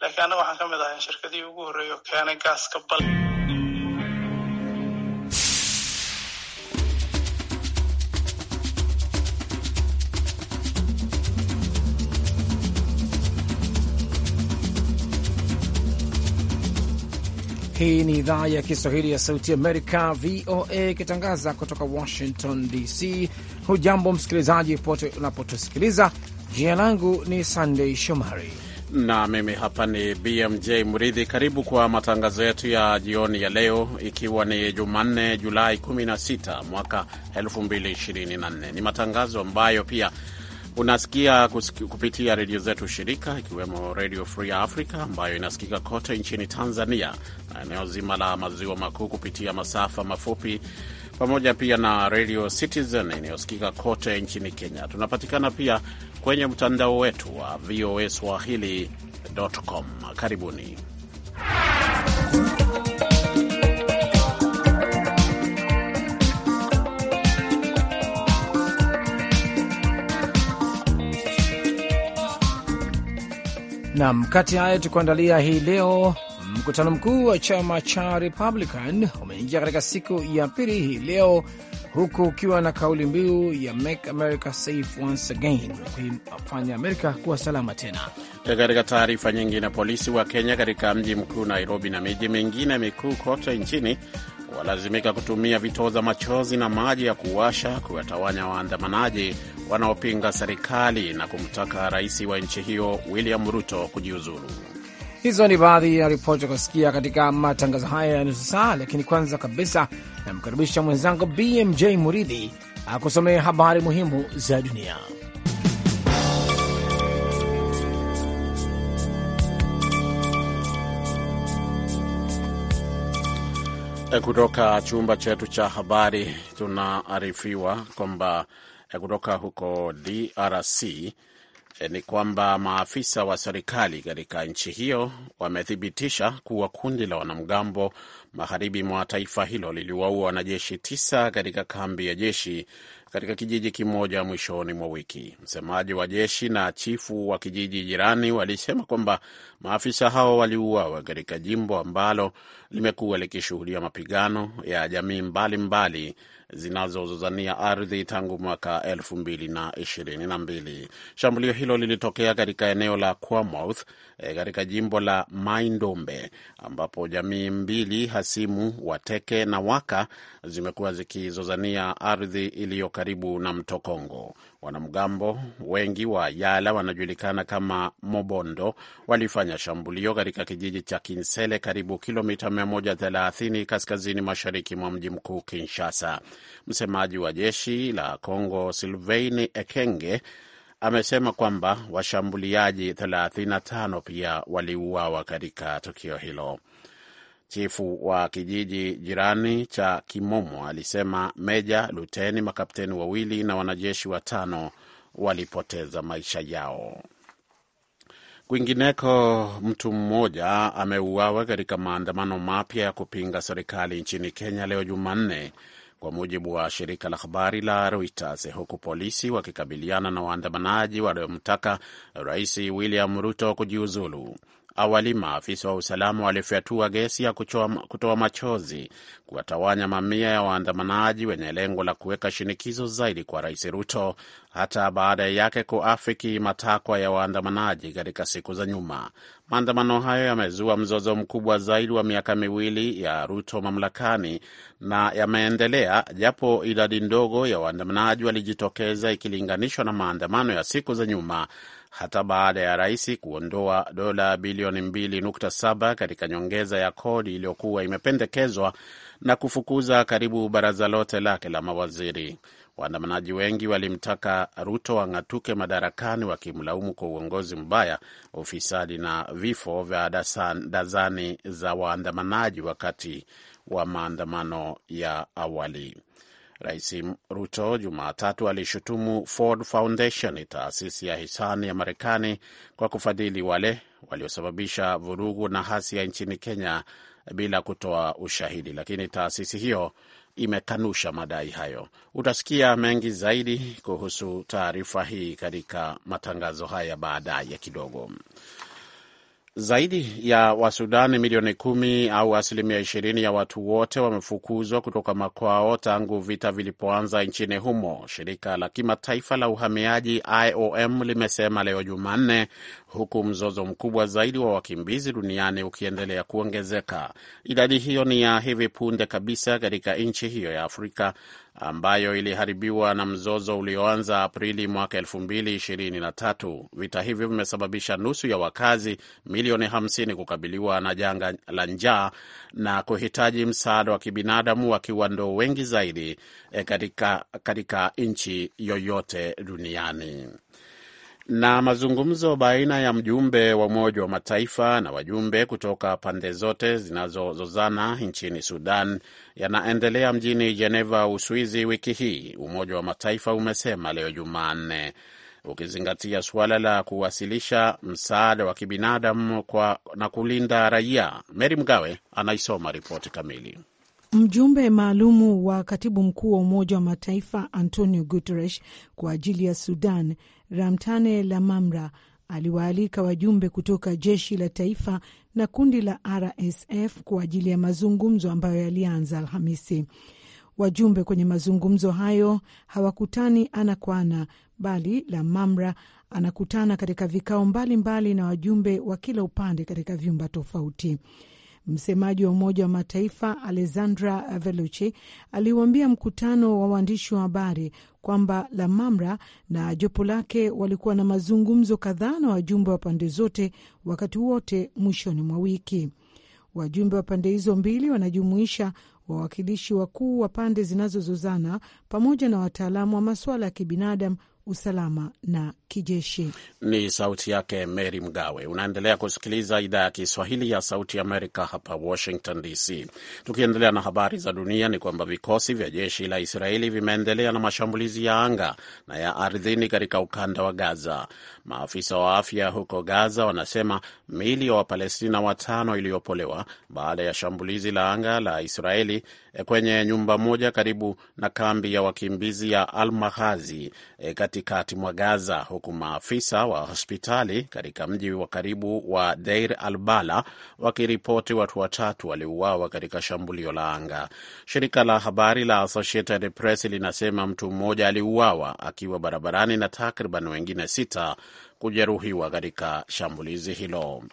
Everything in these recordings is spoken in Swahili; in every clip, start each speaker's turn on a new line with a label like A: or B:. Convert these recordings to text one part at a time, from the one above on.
A: laakiin anaga waxaan ka mid ahay shirkadii ugu horreeyay oo keenay gaaska bal Hii ni idhaa ya Kiswahili ya Sauti Amerika, VOA, ikitangaza kutoka Washington DC. Hujambo msikilizaji pote unapotusikiliza. Jina langu ni Sandei Shomari
B: na mimi hapa ni BMJ Mridhi. Karibu kwa matangazo yetu ya jioni ya leo, ikiwa ni Jumanne Julai 16 mwaka 2024. Ni matangazo ambayo pia unasikia kupitia redio zetu shirika, ikiwemo Redio Free Africa ambayo inasikika kote nchini Tanzania na eneo zima la maziwa makuu kupitia masafa mafupi pamoja pia na Radio Citizen inayosikika kote nchini Kenya. Tunapatikana pia kwenye mtandao wetu wa VOA Swahili.com. Karibuni.
A: Nam, kati hayo tukuandalia hii leo, mkutano mkuu wa chama cha Republican umeingia katika siku ya pili hii leo huku ukiwa na kauli mbiu ya Make America Safe Once Again, kuifanya Amerika kuwa salama tena.
B: Katika taarifa nyingine, polisi wa Kenya katika mji mkuu Nairobi na miji mingine mikuu kote nchini walazimika kutumia vitoza machozi na maji ya kuwasha kuwatawanya waandamanaji wanaopinga serikali na kumtaka rais wa nchi hiyo William Ruto kujiuzuru.
A: Hizo ni baadhi ya ripoti za kusikia katika matangazo haya ya nusu saa, lakini kwanza kabisa namkaribisha mwenzangu BMJ Muridhi akusomea habari muhimu za
B: dunia. Eh, kutoka chumba chetu cha habari tunaarifiwa kwamba eh, kutoka huko DRC eh, ni kwamba maafisa wa serikali katika nchi hiyo wamethibitisha kuwa kundi la wanamgambo magharibi mwa taifa hilo liliwaua wanajeshi tisa katika kambi ya jeshi katika kijiji kimoja mwishoni mwa wiki. Msemaji wa jeshi na chifu wa kijiji jirani walisema kwamba maafisa hao waliuawa katika jimbo ambalo limekuwa likishuhudia mapigano ya jamii mbalimbali zinazozozania ardhi tangu mwaka elfu mbili na ishirini na mbili. Shambulio hilo lilitokea katika eneo la Quamouth eh, katika jimbo la Maindombe ambapo jamii mbili hasimu Wateke na Waka zimekuwa zikizozania ardhi iliyo karibu na mto Kongo. Wanamgambo wengi wa Yala wanajulikana kama Mobondo walifanya shambulio katika kijiji cha Kinsele, karibu kilomita 130 kaskazini mashariki mwa mji mkuu Kinshasa. Msemaji wa jeshi la Kongo Silveini Ekenge amesema kwamba washambuliaji 35 pia waliuawa katika tukio hilo. Chifu wa kijiji jirani cha Kimomo alisema meja, luteni, makapteni wawili na wanajeshi watano walipoteza maisha yao. Kwingineko, mtu mmoja ameuawa katika maandamano mapya ya kupinga serikali nchini Kenya leo Jumanne, kwa mujibu wa shirika la habari la Reuters, huku polisi wakikabiliana na waandamanaji waliomtaka Rais William Ruto kujiuzulu awali maafisa wa usalama walifyatua gesi ya kutoa machozi kuwatawanya mamia ya waandamanaji wenye lengo la kuweka shinikizo zaidi kwa Rais Ruto hata baada yake kuafiki matakwa ya waandamanaji katika siku za nyuma. Maandamano hayo yamezua mzozo mkubwa zaidi wa miaka miwili ya Ruto mamlakani na yameendelea, japo idadi ndogo ya waandamanaji walijitokeza ikilinganishwa na maandamano ya siku za nyuma hata baada ya rais kuondoa dola bilioni 2.7 katika nyongeza ya kodi iliyokuwa imependekezwa na kufukuza karibu baraza lote lake la mawaziri. Waandamanaji wengi walimtaka Ruto ang'atuke madarakani, wakimlaumu kwa uongozi mbaya, ufisadi na vifo vya dazani za waandamanaji wakati wa maandamano ya awali. Rais Ruto Jumatatu alishutumu Ford Foundation, taasisi ya hisani ya Marekani, kwa kufadhili wale waliosababisha vurugu na hasia nchini Kenya bila kutoa ushahidi, lakini taasisi hiyo imekanusha madai hayo. Utasikia mengi zaidi kuhusu taarifa hii katika matangazo haya baadaye kidogo. Zaidi ya Wasudani milioni kumi au asilimia ishirini ya watu wote wamefukuzwa kutoka makwao tangu vita vilipoanza nchini humo, shirika la kimataifa la uhamiaji IOM limesema leo Jumanne, huku mzozo mkubwa zaidi wa wakimbizi duniani ukiendelea kuongezeka. Idadi hiyo ni ya hivi punde kabisa katika nchi hiyo ya Afrika ambayo iliharibiwa na mzozo ulioanza Aprili mwaka 2023. Vita hivyo vimesababisha nusu ya wakazi milioni 50 kukabiliwa na janga la njaa na kuhitaji msaada wa kibinadamu, wakiwa ndo wengi zaidi eh, katika, katika nchi yoyote duniani na mazungumzo baina ya mjumbe wa Umoja wa Mataifa na wajumbe kutoka pande zote zinazozozana nchini Sudan yanaendelea mjini Jeneva, Uswizi, wiki hii, Umoja wa Mataifa umesema leo Jumanne, ukizingatia suala la kuwasilisha msaada wa kibinadamu kwa na kulinda raia. Meri Mgawe anaisoma ripoti kamili.
C: Mjumbe maalumu wa katibu mkuu wa Umoja wa Mataifa Antonio Guterres kwa ajili ya Sudan Ramtane Lamamra aliwaalika wajumbe kutoka jeshi la taifa na kundi la RSF kwa ajili ya mazungumzo ambayo yalianza Alhamisi. Wajumbe kwenye mazungumzo hayo hawakutani ana kwa ana, bali Lamamra anakutana katika vikao mbalimbali mbali na wajumbe wa kila upande katika vyumba tofauti. Msemaji wa Umoja wa Mataifa Alessandra Velucci aliwambia mkutano wa waandishi wa habari kwamba Lamamra na jopo lake walikuwa na mazungumzo kadhaa na wajumbe wa pande zote wakati wote mwishoni mwa wiki. Wajumbe wa pande hizo mbili wanajumuisha wawakilishi wakuu wa pande zinazozozana pamoja na wataalamu wa masuala ya kibinadamu usalama na kijeshi.
B: Ni sauti yake Mary Mgawe. Unaendelea kusikiliza idhaa ya Kiswahili ya Sauti ya Amerika hapa Washington DC. Tukiendelea na habari za dunia, ni kwamba vikosi vya jeshi la Israeli vimeendelea na mashambulizi ya anga na ya ardhini katika ukanda wa Gaza. Maafisa wa afya huko Gaza wanasema miili ya Wapalestina watano iliyopolewa baada ya shambulizi la anga la Israeli kwenye nyumba moja karibu na kambi ya wakimbizi ya Al eh, katikati mwa Gaza, huku maafisa wa hospitali katika mji wa karibu wa Deir al Bala wakiripoti watu watatu waliuawa katika shambulio la anga. Shirika la habari la Associated Press linasema mtu mmoja aliuawa akiwa barabarani na takriban wengine sita kujeruhiwa katika shambulizi hilo.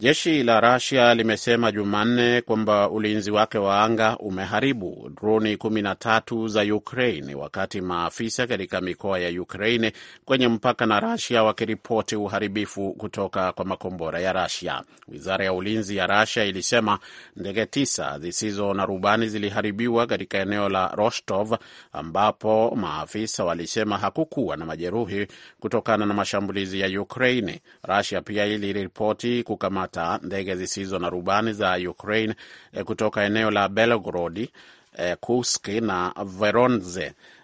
B: Jeshi la Rasia limesema Jumanne kwamba ulinzi wake wa anga umeharibu droni 13 za Ukraine, wakati maafisa katika mikoa ya Ukraine kwenye mpaka na Rasia wakiripoti uharibifu kutoka kwa makombora ya Rasia. Wizara ya ulinzi ya Rasia ilisema ndege tisa zisizo na rubani ziliharibiwa katika eneo la Rostov, ambapo maafisa walisema hakukuwa na majeruhi kutokana na mashambulizi ya Ukraine. Rasia pia iliripoti kukama kufuata ndege zisizo na rubani za Ukraine eh, kutoka eneo la Belgorod, eh, Kursk na Voronezh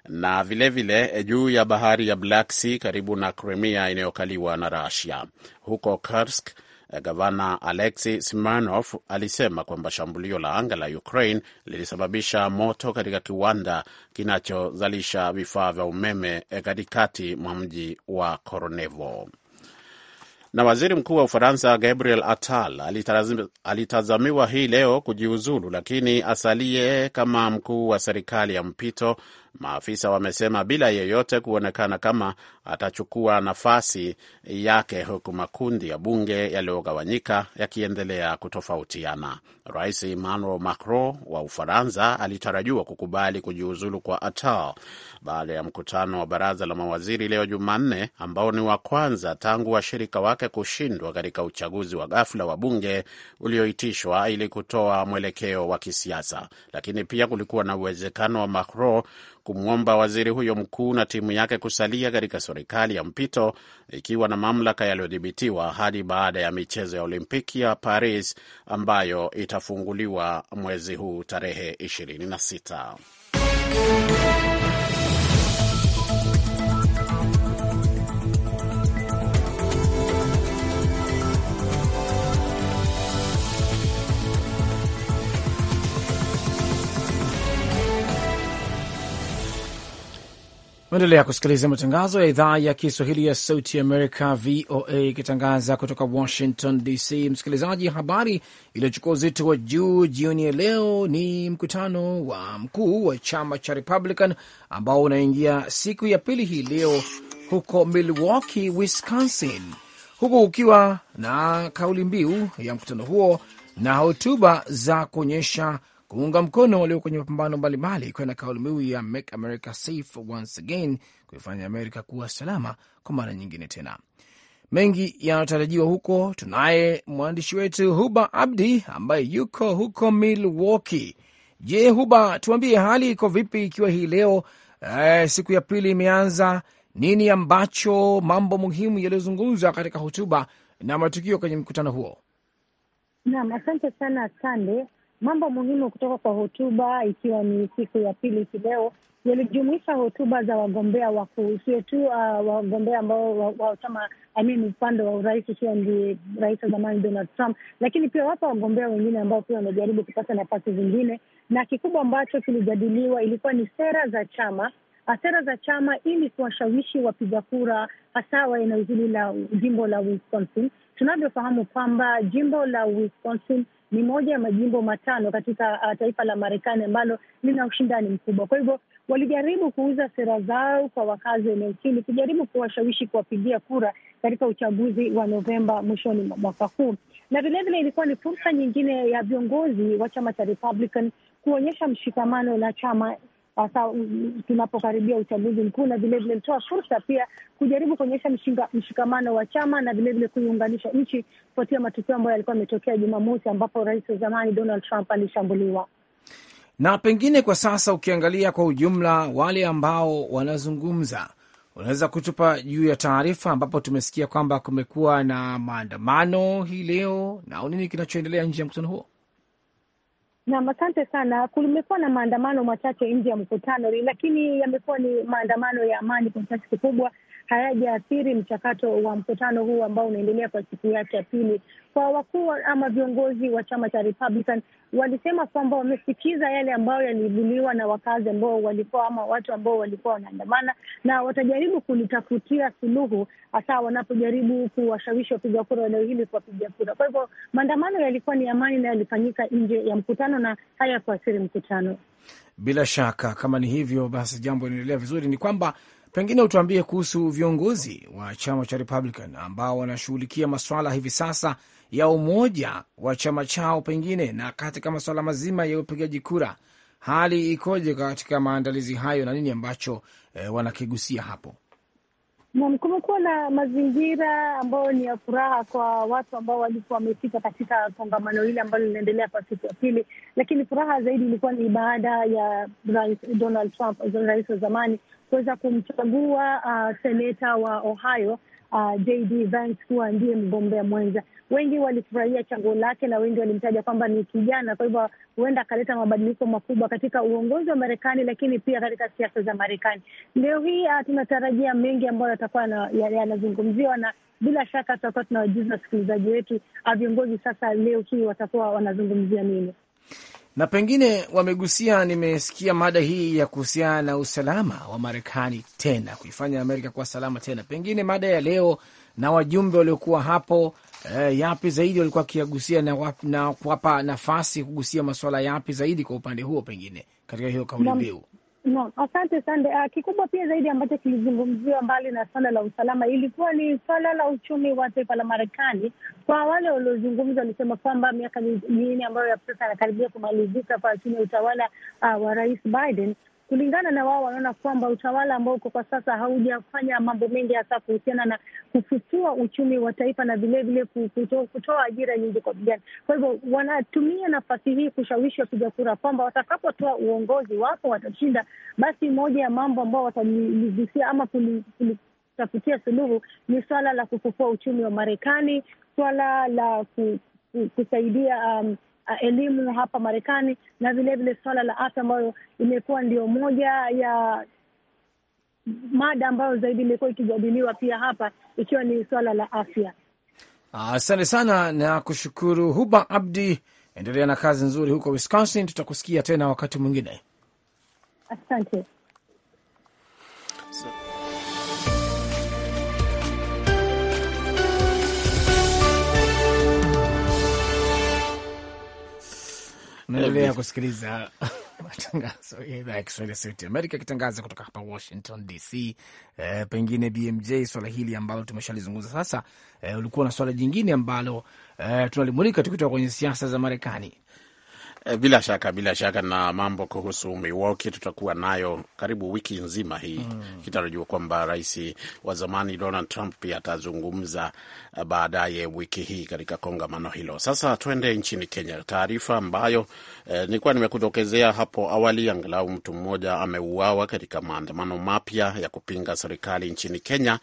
B: na vilevile vile, eh, juu ya bahari ya Black Sea karibu na Crimea inayokaliwa na Russia. Huko Kursk, Gavana Alexei Smirnov alisema kwamba shambulio la anga la Ukraine lilisababisha moto katika kiwanda kinachozalisha vifaa vya umeme katikati mwa mji wa Koronevo. Na waziri mkuu wa Ufaransa Gabriel Attal alitazamiwa hii leo kujiuzulu, lakini asalie kama mkuu wa serikali ya mpito Maafisa wamesema bila yeyote kuonekana kama atachukua nafasi yake, huku makundi ya bunge yaliyogawanyika yakiendelea kutofautiana. Rais Emmanuel Macron wa Ufaransa alitarajiwa kukubali kujiuzulu kwa Attal baada ya mkutano wa baraza la mawaziri leo Jumanne, ambao ni wa kwanza tangu washirika wake kushindwa katika uchaguzi wa ghafla wa bunge ulioitishwa ili kutoa mwelekeo wa kisiasa, lakini pia kulikuwa na uwezekano wa Macron kumwomba waziri huyo mkuu na timu yake kusalia katika serikali ya mpito ikiwa na mamlaka yaliyodhibitiwa hadi baada ya michezo ya Olimpiki ya Paris ambayo itafunguliwa mwezi huu tarehe 26.
A: Maendelea kusikiliza matangazo ya idhaa ya Kiswahili ya Sauti Amerika, VOA, ikitangaza kutoka Washington DC. Msikilizaji, habari iliyochukua uzito wa juu jioni ya leo ni mkutano wa mkuu wa chama cha Republican ambao unaingia siku ya pili hii leo huko Milwaukee, Wisconsin, huku ukiwa na kauli mbiu ya mkutano huo na hotuba za kuonyesha kuunga mkono walio kwenye mapambano mbalimbali, ikiwa na kauli mbiu ya Make America Safe Once Again, kuifanya Amerika kuwa salama kwa mara nyingine tena. Mengi yanayotarajiwa huko. Tunaye mwandishi wetu Huba Abdi ambaye yuko huko Milwaukee. Je, Huba, tuambie hali iko vipi ikiwa hii leo eh, siku ya pili imeanza? Nini ambacho mambo muhimu yaliyozungumzwa katika hotuba na matukio kwenye mkutano huo?
D: Naam, asante sana Sande. Mambo muhimu kutoka kwa hotuba, ikiwa ni siku ya pili hii leo, yalijumuisha hotuba za wagombea wakuu, sio tu uh, wagombea ambao wa, wa chama upande wa urais, ikiwa ndiye rais wa zamani Donald Trump, lakini pia wapo wagombea wengine ambao pia wanajaribu kupata nafasi zingine, na kikubwa ambacho kilijadiliwa ilikuwa ni sera za chama sera za chama ili kuwashawishi wapiga kura, hasa wa eneo hili la jimbo la Wisconsin. Tunavyofahamu kwamba jimbo la Wisconsin ni moja ya majimbo matano katika uh, taifa la Marekani ambalo lina ushindani mkubwa. Kwa hivyo walijaribu kuuza sera zao kwa wakazi wa eneo hili, kujaribu kuwashawishi kuwapigia kura katika uchaguzi wa Novemba mwishoni mwa mwaka huu, na vilevile ilikuwa ni fursa nyingine ya viongozi wa chama cha Republican kuonyesha mshikamano na chama hasa tunapokaribia uchaguzi mkuu, na vilevile ilitoa fursa pia kujaribu kuonyesha mshikamano wa chama na vilevile kuiunganisha nchi kufuatia matukio ambayo yalikuwa yametokea Jumamosi, ambapo rais wa zamani Donald Trump alishambuliwa.
A: Na pengine kwa sasa ukiangalia kwa ujumla, wale ambao wanazungumza unaweza kutupa juu ya taarifa ambapo tumesikia kwamba kumekuwa na maandamano hii leo, na nini kinachoendelea nje ya mkutano huo?
D: Nam, asante sana. Kumekuwa na maandamano machache nje ya mkutano, lakini yamekuwa ni maandamano ya amani kwa kiasi kikubwa, hayajaathiri mchakato wa mkutano huu ambao unaendelea kwa siku yake ya pili. Kwa wakuu ama viongozi wa chama cha Republican walisema kwamba wamesikiza yale ambayo yaliibuliwa na wakazi ambao walikuwa ama watu ambao walikuwa wanaandamana, na watajaribu kulitafutia suluhu, hasa wanapojaribu kuwashawishi wapiga kura wa eneo hili kuwapiga kura. Kwa hivyo maandamano yalikuwa ni amani na yalifanyika nje ya mkutano na hayakuathiri mkutano.
A: Bila shaka kama ni hivyo, basi jambo linaendelea vizuri. Ni kwamba Pengine utuambie kuhusu viongozi wa chama cha Republican ambao wanashughulikia masuala hivi sasa ya umoja wa chama chao, pengine na katika masuala mazima ya upigaji kura, hali ikoje katika maandalizi hayo na nini ambacho eh, wanakigusia hapo?
D: Naam, kumekuwa na mazingira ambayo ni ya furaha kwa watu ambao walikuwa wamefika katika kongamano hili ambalo linaendelea kwa siku ya pili, lakini furaha zaidi ilikuwa ni baada ya Rais Donald Trump, rais wa zamani, kuweza kumchagua uh, seneta wa Ohio uh, ah, JD Vance kuwa ndiye mgombea mwenza. Wengi walifurahia chango lake na wengi walimtaja kwamba ni kijana, kwa hivyo huenda akaleta mabadiliko makubwa katika uongozi wa Marekani, lakini pia katika siasa za Marekani. Leo hii uh, tunatarajia mengi ambayo yatakuwa yanazungumziwa ya na bila shaka tutakuwa tunawajuza wasikilizaji wetu ah, viongozi sasa leo hii watakuwa wanazungumzia nini
A: na pengine wamegusia, nimesikia mada hii ya kuhusiana na usalama wa Marekani tena kuifanya Amerika kuwa salama tena, pengine mada ya leo na wajumbe waliokuwa hapo e, yapi zaidi walikuwa wakiyagusia na, na kuwapa nafasi kugusia masuala yapi zaidi kwa upande huo, pengine
D: katika hiyo kauli mbiu No, asante Uh, Kikubwa pia zaidi ambacho kilizungumziwa mbali na swala la usalama ilikuwa ni swala la uchumi wa taifa la Marekani. Kwa wale waliozungumza, walisema kwamba miaka minne ambayo ya sasa anakaribia kumalizika kwa chini ya utawala uh, wa Rais Biden kulingana na wao, wanaona kwamba utawala ambao uko kwa sasa haujafanya mambo mengi, hasa kuhusiana na kufufua uchumi wa taifa na vilevile kutoa ajira nyingi kwa vijana. Kwa hivyo wanatumia nafasi hii kushawishi wapiga kura kwamba watakapotoa uongozi wapo watashinda, basi moja ya mambo ambao wataligusia ama kulitafutia suluhu ni swala la kufufua uchumi wa Marekani, swala la ku, ku, kusaidia um, uh, elimu hapa Marekani na vilevile suala la afya ambayo imekuwa ndio moja ya mada ambayo zaidi imekuwa ikijadiliwa pia hapa ikiwa ni suala la afya.
A: Asante sana na kushukuru Huba Abdi. Endelea na kazi nzuri huko Wisconsin, tutakusikia tena wakati mwingine.
D: Asante so.
A: Naendelea kusikiliza matangazo ya idhaa ya Kiswahili ya Sauti Amerika ikitangaza kutoka hapa Washington DC. E, eh, pengine BMJ, swala hili ambalo tumeshalizungumza sasa. E, ulikuwa na swala jingine ambalo e, tunalimulika tukitoka kwenye siasa za Marekani.
B: Eh, bila shaka bila shaka, na mambo kuhusu Milwaukee tutakuwa nayo karibu wiki nzima hii mm. Kitarajiwa kwamba rais wa zamani Donald Trump pia atazungumza eh, baadaye wiki hii katika kongamano hilo. Sasa tuende nchini Kenya, taarifa ambayo eh, nilikuwa nimekutokezea hapo awali. Angalau mtu mmoja ameuawa katika maandamano mapya ya kupinga serikali nchini Kenya,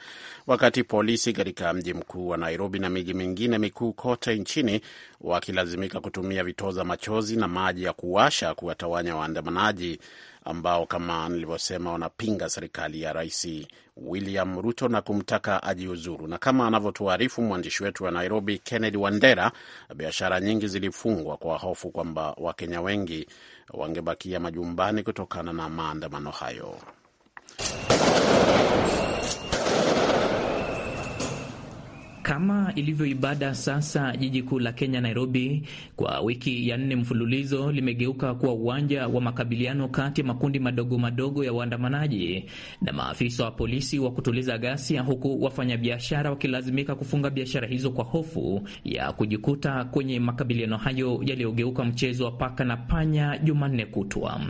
B: wakati polisi katika mji mkuu wa Nairobi na miji mingine mikuu kote nchini wakilazimika kutumia vitoza machozi na maji ya kuwasha kuwatawanya waandamanaji ambao kama nilivyosema wanapinga serikali ya Rais William Ruto na kumtaka ajiuzuru. Na kama anavyotuarifu mwandishi wetu wa Nairobi, Kennedy Wandera, biashara nyingi zilifungwa kwa hofu kwamba Wakenya wengi wangebakia majumbani kutokana na maandamano hayo.
E: Kama ilivyo ibada sasa, jiji kuu la Kenya Nairobi, kwa wiki ya nne mfululizo limegeuka kuwa uwanja wa makabiliano kati ya makundi madogo madogo ya waandamanaji na maafisa wa polisi wa kutuliza ghasia, huku wafanyabiashara wakilazimika kufunga biashara hizo kwa hofu ya kujikuta kwenye makabiliano hayo yaliyogeuka mchezo wa paka na panya Jumanne kutwa.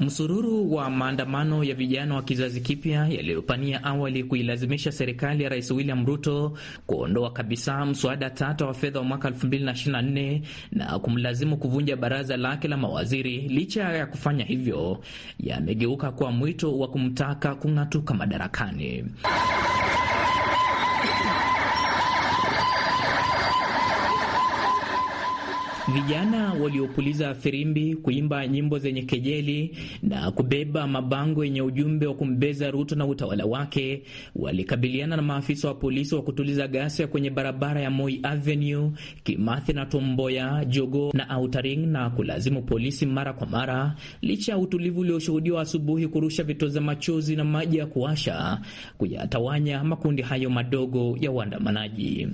E: Msururu wa maandamano ya vijana wa kizazi kipya yaliyopania awali kuilazimisha serikali ya Rais William Ruto kuondoa kabisa mswada tata wa fedha wa mwaka 2024 na kumlazimu kuvunja baraza lake la mawaziri, licha ya kufanya hivyo, yamegeuka kuwa mwito wa kumtaka kung'atuka madarakani. Vijana waliopuliza firimbi, kuimba nyimbo zenye kejeli na kubeba mabango yenye ujumbe wa kumbeza Ruto na utawala wake walikabiliana na maafisa wa polisi wa kutuliza ghasia kwenye barabara ya Moi Avenue, Kimathi na Tomboya, jogo na Outer na kulazimu polisi mara kwa mara, licha ya utulivu ulioshuhudiwa asubuhi, kurusha vitoza machozi na maji ya kuasha kuyatawanya makundi hayo madogo ya waandamanaji.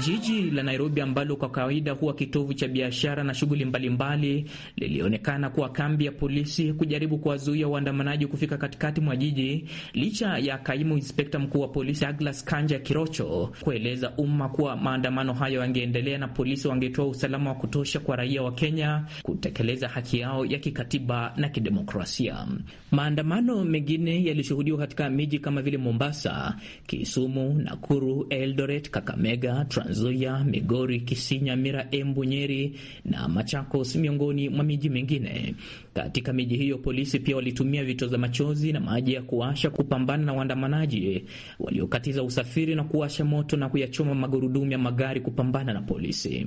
E: Jiji la Nairobi ambalo kwa kawaida huwa kitovu cha biashara na shughuli mbalimbali lilionekana kuwa kambi ya polisi kujaribu kuwazuia waandamanaji kufika katikati mwa jiji, licha ya kaimu inspekta mkuu wa polisi Douglas Kanja Kirocho kueleza umma kuwa maandamano hayo yangeendelea na polisi wangetoa usalama wa kutosha kwa raia wa Kenya kutekeleza haki yao ya kikatiba na kidemokrasia. Maandamano mengine yalishuhudiwa katika miji kama vile Mombasa, Kisumu, Nakuru, Eldoret, Kakamega, Trans Nzoia, Migori, Kisinya, Mira, Embu, Nyeri na Machakos miongoni mwa miji mingine. Katika miji hiyo, polisi pia walitumia vitoza machozi na maji ya kuasha kupambana na waandamanaji eh, waliokatiza usafiri na kuasha moto na kuyachoma magurudumu ya magari kupambana na polisi.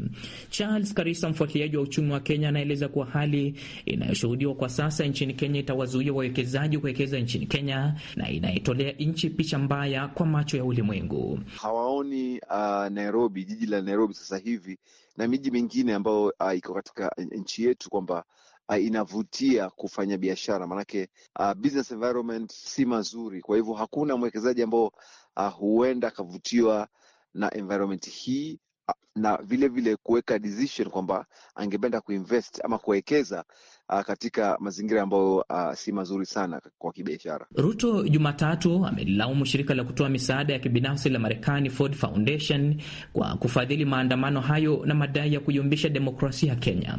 E: Charles Karisa, mfuatiliaji wa uchumi wa Kenya, anaeleza kuwa hali inayoshuhudiwa kwa sasa nchini Kenya itawazuia wawekezaji kuwekeza nchini Kenya na inaitolea nchi picha mbaya kwa macho ya ulimwengu.
F: Hawaoni uh, Nairobi, jiji la Nairobi sasa hivi na miji mingine ambayo uh, iko katika eh, nchi yetu kwamba uh, inavutia kufanya biashara, maanake uh, business environment si mazuri. Kwa hivyo hakuna mwekezaji ambao uh, huenda akavutiwa na environment hii uh, na vile vile kuweka decision kwamba angependa kuinvest ama kuwekeza Uh, katika mazingira ambayo uh, si mazuri sana kwa kibiashara.
E: Ruto Jumatatu amelilaumu shirika la kutoa misaada ya kibinafsi la Marekani Ford Foundation kwa kufadhili maandamano hayo na madai ya kuyumbisha demokrasia ya Kenya.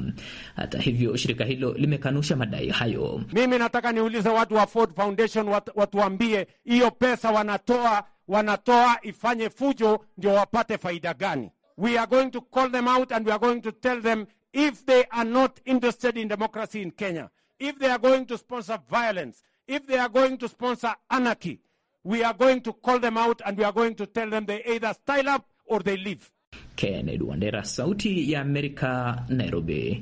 E: Hata hivyo, shirika hilo limekanusha madai hayo.
F: Mimi nataka niulize watu wa Ford Foundation watuambie hiyo pesa wanatoa wanatoa ifanye fujo ndio wapate faida gani? We are going to call them out and we are going to tell them if they are not interested in democracy in Kenya, if they are going to sponsor violence, if they are going to sponsor anarchy, we are going to call them out and we are going to tell them they either style up or they leave.
E: Kennedy Wandera, Sauti ya Amerika, Nairobi.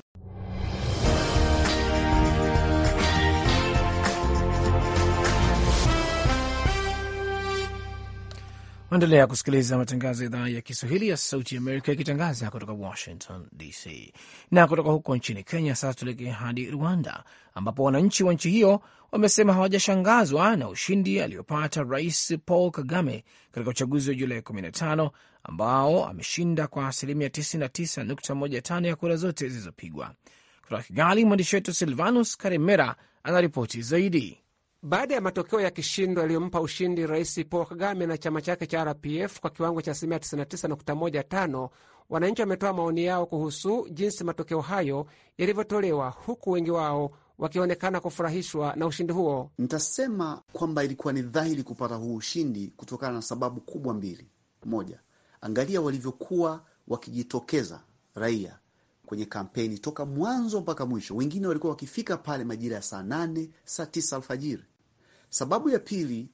A: Waendelea kusikiliza matangazo ya idhaa ya Kiswahili ya Sauti Amerika ikitangaza kutoka Washington DC. Na kutoka huko nchini Kenya, sasa tuelekea hadi Rwanda, ambapo wananchi wa nchi hiyo wamesema hawajashangazwa na ushindi aliyopata Rais Paul Kagame katika uchaguzi wa Julai 15 ambao ameshinda kwa asilimia 99.15 ya kura zote zilizopigwa.
F: Kutoka Kigali, mwandishi wetu Silvanus Karimera anaripoti zaidi. Baada ya matokeo ya kishindo yaliyompa ushindi Rais Paul Kagame na chama chake cha RPF kwa kiwango cha asilimia 99.15, wananchi wametoa maoni yao kuhusu jinsi matokeo hayo yalivyotolewa, huku wengi wao wakionekana kufurahishwa na ushindi huo.
B: Nitasema kwamba ilikuwa ni dhahiri kupata huu ushindi kutokana na sababu kubwa mbili. Moja, angalia walivyokuwa wakijitokeza raia kwenye kampeni toka mwanzo mpaka mwisho. Wengine walikuwa wakifika pale majira ya saa nane, saa tisa alfajiri Sababu ya pili,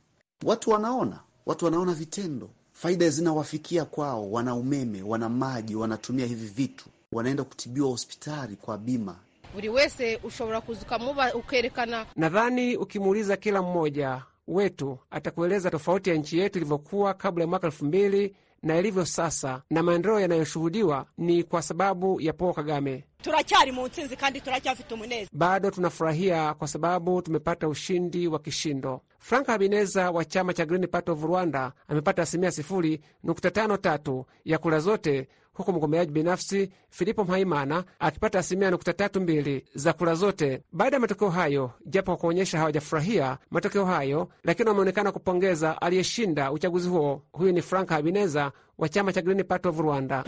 B: watu wanaona, watu wanaona vitendo, faida zinawafikia kwao. Wana umeme, wana maji, wanatumia hivi vitu, wanaenda kutibiwa hospitali
F: kwa bima
G: buri wese ushobora kuzuka ukerekana.
F: Nadhani ukimuuliza kila mmoja wetu atakueleza tofauti ya nchi yetu ilivyokuwa kabla ya mwaka elfu mbili na yalivyo sasa na maendeleo yanayoshuhudiwa ni kwa sababu ya Paul Kagame.
D: turacyari
C: mu kandi turacyafite umunezi,
F: bado tunafurahia kwa sababu tumepata ushindi wa kishindo. Frank Habineza wa chama cha Green Party of Rwanda amepata asilimia tatu ya kura zote, huku mgombeaji binafsi Filipo Mhaimana akipata asilimia mbili za kura zote. Baada ya matokeo hayo, japo kwa kuonyesha hawajafurahia matokeo hayo, lakini wameonekana kupongeza aliyeshinda uchaguzi huo. Huyu ni Frank Habineza wa chama cha Green Party of Rwanda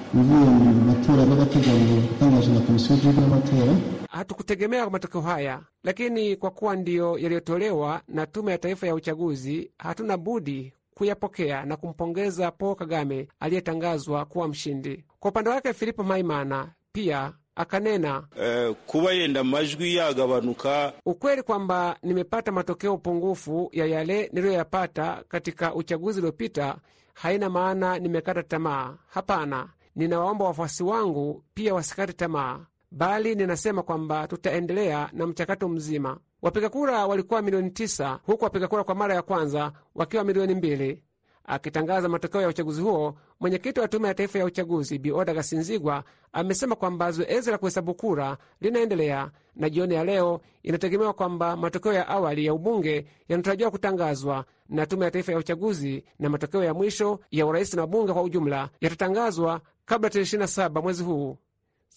F: hatukutegemea matokeo haya, lakini kwa kuwa ndiyo yaliyotolewa na Tume ya Taifa ya Uchaguzi, hatuna budi kuyapokea na kumpongeza Paul Kagame aliyetangazwa kuwa mshindi. Kwa upande wake, Filipo Maimana pia akanena
B: eh, kuba yenda majwi yagabanuka,
F: ukweli kwamba nimepata matokeo upungufu ya yale niliyoyapata katika uchaguzi uliopita haina maana nimekata tamaa. Hapana, ninawaomba wafuasi wangu pia wasikate tamaa bali ninasema kwamba tutaendelea na mchakato mzima. Wapiga kura walikuwa milioni tisa huku wapiga kura kwa mara ya kwanza wakiwa milioni mbili. Akitangaza matokeo ya uchaguzi huo, mwenyekiti wa Tume ya Taifa ya Uchaguzi Bi Oda Gasinzigwa amesema kwamba zoezi la kuhesabu kura linaendelea na jioni ya leo inategemewa kwamba matokeo ya awali ya ubunge yanatarajiwa kutangazwa na Tume ya Taifa ya Uchaguzi na matokeo ya mwisho ya urais na bunge kwa ujumla yatatangazwa kabla tarehe 27 mwezi huu.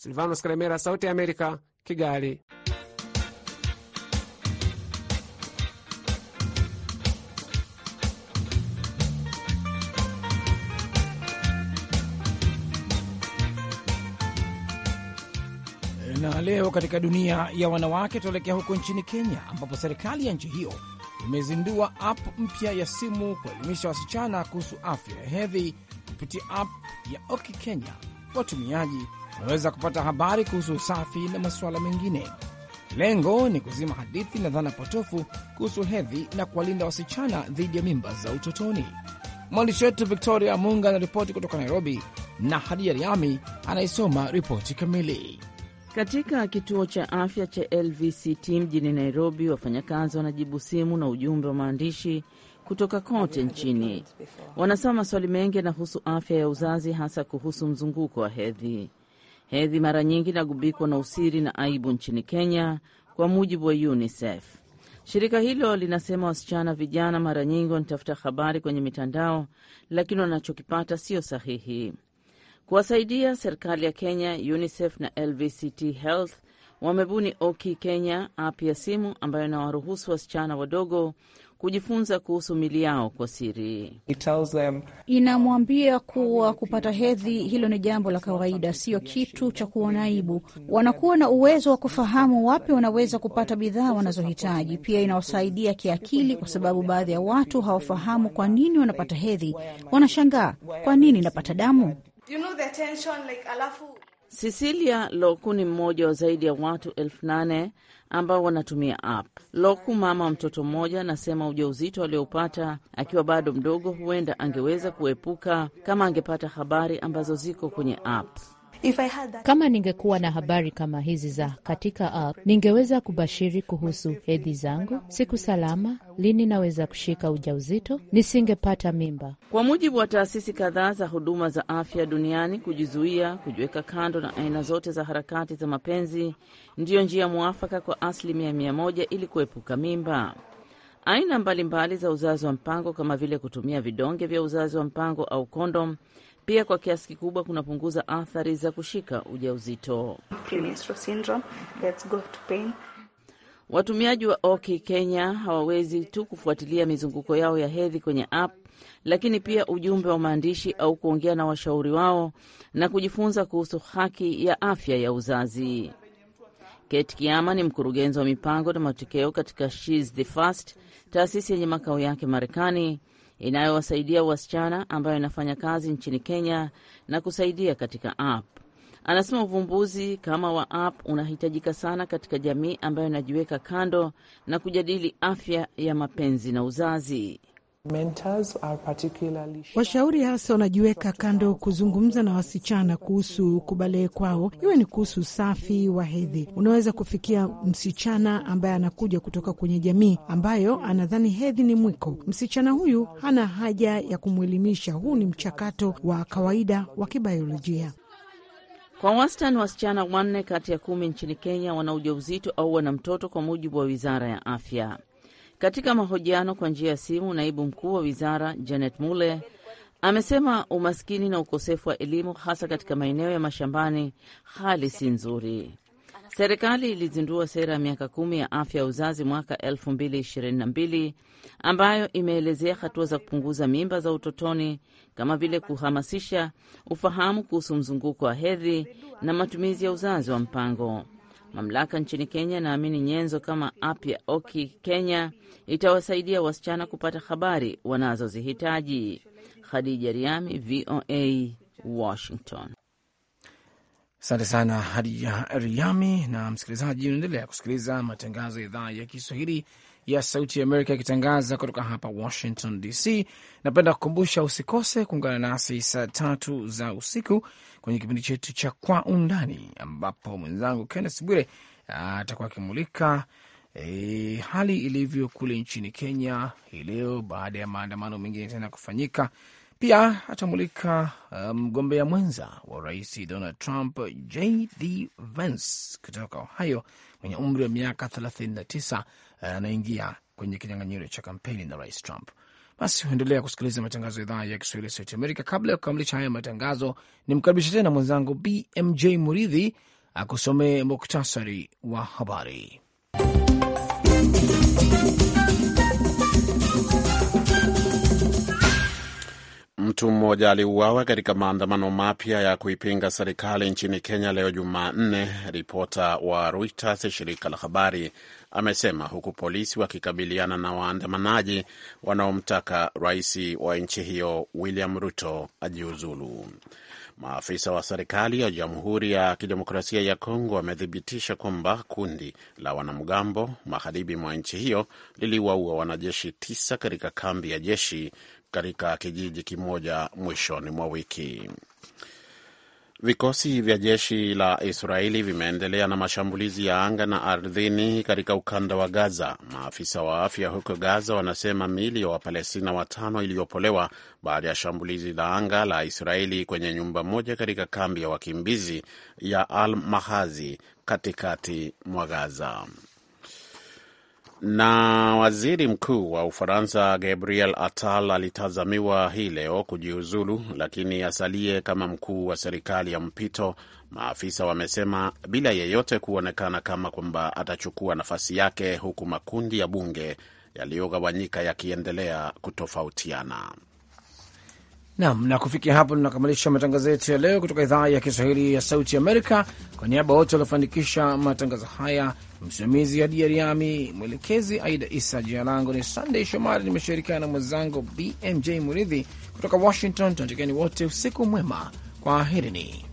F: Silvanos Karemera, Sauti ya Amerika, Kigali.
A: Na leo katika dunia ya wanawake tuelekea huko nchini Kenya, ambapo serikali ya nchi hiyo imezindua app mpya ya simu kuelimisha wasichana kuhusu afya ya hedhi kupitia app ya Oki Kenya. Watumiaji unaweza kupata habari kuhusu usafi na masuala mengine. Lengo ni kuzima hadithi na dhana potofu kuhusu hedhi na kuwalinda wasichana dhidi ya mimba za utotoni. Mwandishi wetu Victoria Munga anaripoti
G: kutoka Nairobi na Hadija Riami anayesoma ripoti kamili. Katika kituo cha afya cha LVCT mjini Nairobi, wafanyakazi wanajibu simu na ujumbe wa maandishi kutoka kote nchini. Wanasema maswali mengi yanahusu afya ya uzazi, hasa kuhusu mzunguko wa hedhi. Hedhi mara nyingi inagubikwa na usiri na aibu nchini Kenya, kwa mujibu wa UNICEF. Shirika hilo linasema wasichana vijana mara nyingi wanatafuta habari kwenye mitandao, lakini wanachokipata sio sahihi. Kuwasaidia serikali ya Kenya, UNICEF na LVCT Health wamebuni Oki Kenya, app ya simu ambayo inawaruhusu wasichana wadogo kujifunza kuhusu mili yao kwa siri.
C: Inamwambia kuwa kupata hedhi hilo ni jambo la kawaida, sio kitu cha kuona aibu. Wanakuwa na uwezo wa kufahamu wapi wanaweza kupata bidhaa wanazohitaji. Pia inawasaidia kiakili, kwa sababu baadhi ya watu hawafahamu kwa nini wanapata hedhi. Wanashangaa, kwa nini napata damu? You know the tension, like, alafu
G: Cecilia Loku ni mmoja wa zaidi ya watu elfu nane ambao wanatumia app. Loku, mama wa mtoto mmoja, anasema ujauzito alioupata akiwa bado mdogo huenda angeweza kuepuka kama angepata habari ambazo ziko kwenye app kama ningekuwa na habari kama hizi za katika app, ningeweza kubashiri kuhusu hedhi zangu, siku salama, lini naweza kushika ujauzito, nisingepata mimba. Kwa mujibu wa taasisi kadhaa za huduma za afya duniani, kujizuia, kujiweka kando na aina zote za harakati za mapenzi ndiyo njia mwafaka kwa asilimia mia moja ili kuepuka mimba. Aina mbalimbali mbali za uzazi wa mpango kama vile kutumia vidonge vya uzazi wa mpango au kondom pia kwa kiasi kikubwa kunapunguza athari za kushika ujauzito. Watumiaji wa Oki Kenya hawawezi tu kufuatilia mizunguko yao ya hedhi kwenye app, lakini pia ujumbe wa maandishi au kuongea na washauri wao na kujifunza kuhusu haki ya afya ya uzazi. Kate Kiama ni mkurugenzi wa mipango na matokeo katika She's the First, taasisi yenye makao yake Marekani inayowasaidia wasichana ambayo inafanya kazi nchini Kenya na kusaidia katika app. Anasema uvumbuzi kama wa app unahitajika sana katika jamii ambayo inajiweka kando na kujadili afya ya mapenzi na uzazi
C: washauri hasa wanajiweka kando kuzungumza na wasichana kuhusu kubalee kwao, iwe ni kuhusu usafi wa hedhi. Unaweza kufikia msichana ambaye anakuja kutoka kwenye jamii ambayo anadhani hedhi ni mwiko. Msichana huyu hana haja ya kumwelimisha, huu ni mchakato wa kawaida wa kibayolojia.
G: Kwa wastani wasichana wanne kati ya kumi nchini Kenya wana ujauzito au wana mtoto, kwa mujibu wa wizara ya afya. Katika mahojiano kwa njia ya simu, naibu mkuu wa wizara Janet Mule amesema umaskini na ukosefu wa elimu hasa katika maeneo ya mashambani, hali si nzuri. Serikali ilizindua sera ya miaka kumi ya afya ya uzazi mwaka 2022 ambayo imeelezea hatua za kupunguza mimba za utotoni kama vile kuhamasisha ufahamu kuhusu mzunguko wa hedhi na matumizi ya uzazi wa mpango. Mamlaka nchini Kenya naamini nyenzo kama app ya Oki Kenya itawasaidia wasichana kupata habari wanazozihitaji. Khadija Riami, VOA, Washington.
A: Asante sana Hadija Riami. Na msikilizaji, unaendelea kusikiliza matangazo ya idhaa ya Kiswahili ya Sauti ya Amerika ikitangaza kutoka hapa Washington DC. Napenda kukumbusha usikose kuungana nasi saa tatu za usiku kwenye kipindi chetu cha Kwa Undani, ambapo mwenzangu Kenneth Bwire atakuwa akimulika e, hali ilivyo kule nchini Kenya hii leo baada ya maandamano mengine tena kufanyika. Pia atamulika e, mgombea um, mwenza wa rais Donald Trump, JD Vance kutoka Ohio mwenye umri wa miaka 39 Eh, anaingia kwenye kinyang'anyiro cha kampeni na rais Trump. Basi huendelea kusikiliza matangazo ya idhaa ya Kiswahili ya Sauti Amerika. Kabla ya kukamilisha haya matangazo, mkaribisha tena mwenzangu BMJ Muridhi akusomee muktasari wa habari.
B: Mtu mmoja aliuawa katika maandamano mapya ya kuipinga serikali nchini Kenya leo Jumanne, ripota wa Reuters, shirika la habari, amesema huku polisi wakikabiliana na waandamanaji wanaomtaka rais wa nchi hiyo William Ruto ajiuzulu. Maafisa wa serikali ya Jamhuri ya Kidemokrasia ya Kongo wamethibitisha kwamba kundi la wanamgambo magharibi mwa nchi hiyo liliwaua wanajeshi tisa katika kambi ya jeshi katika kijiji kimoja mwishoni mwa wiki. Vikosi vya jeshi la Israeli vimeendelea na mashambulizi ya anga na ardhini katika ukanda wa Gaza. Maafisa wa afya huko Gaza wanasema miili ya Wapalestina watano iliyopolewa baada ya shambulizi la anga la Israeli kwenye nyumba moja katika kambi ya wakimbizi ya Al Mahazi katikati mwa Gaza. Na waziri mkuu wa Ufaransa Gabriel Attal alitazamiwa hii leo kujiuzulu, lakini asalie kama mkuu wa serikali ya mpito, maafisa wamesema, bila yeyote kuonekana kama kwamba atachukua nafasi yake, huku makundi ya bunge yaliyogawanyika yakiendelea kutofautiana.
A: Nam na kufikia hapo tunakamilisha matangazo yetu ya leo kutoka idhaa ya Kiswahili ya Sauti Amerika. Kwa niaba wote waliofanikisha matangazo haya, msimamizi ya Diariami, mwelekezi Aida Isa. Jina langu ni Sandey Shomari, nimeshirikiana na mwenzangu BMJ Muridhi kutoka Washington. Tunatakieni wote usiku mwema, kwaherini.